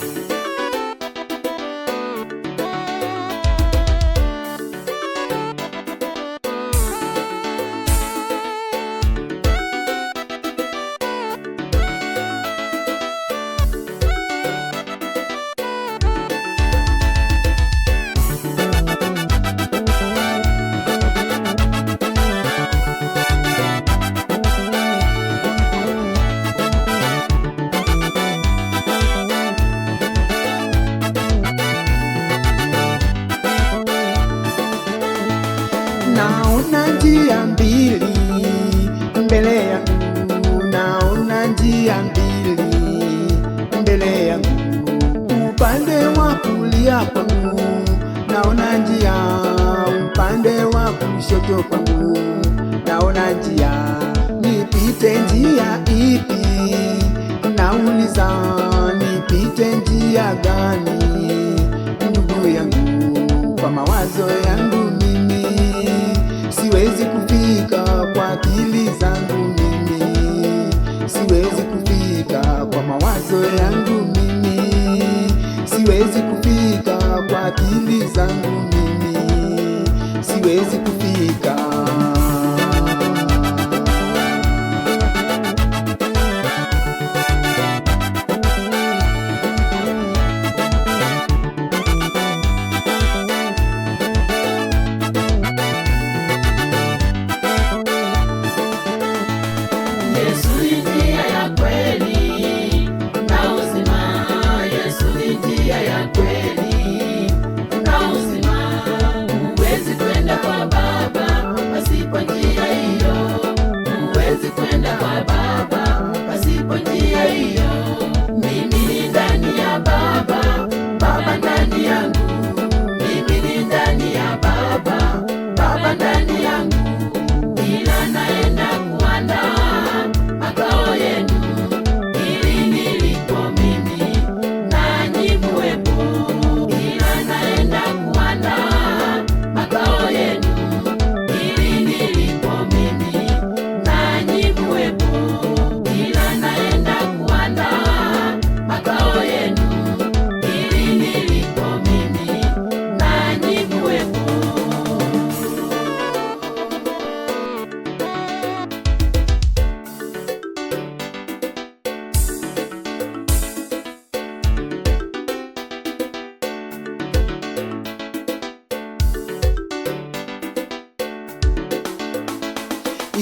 thank you kulia kwangu naona njia, upande wa kushoto kwangu naona njia, nipite njia ipi? Nauliza nipite njia gani? Ndugu yangu, kwa mawazo yangu mimi siwezi kufika Siwezi kufika kwa akili zangu mimi, siwezi kufika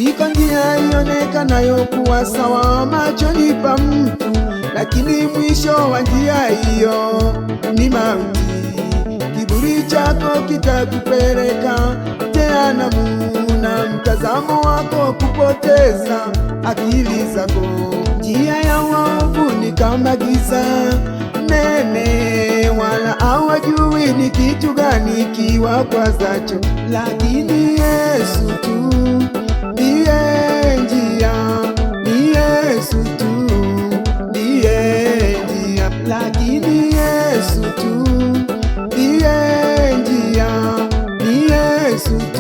Iko njia ionekanayo kuwa sawa machoni pa mtu, lakini mwisho wa njia hiyo ni mauti. Kiburi chako kitakupeleka jehanamu, na mtazamo wako kupoteza akili zako. Njia ya uovu ni kama giza nene, wala hawajui ni kitu gani kiwakwazacho, lakini Yesu tu Jesus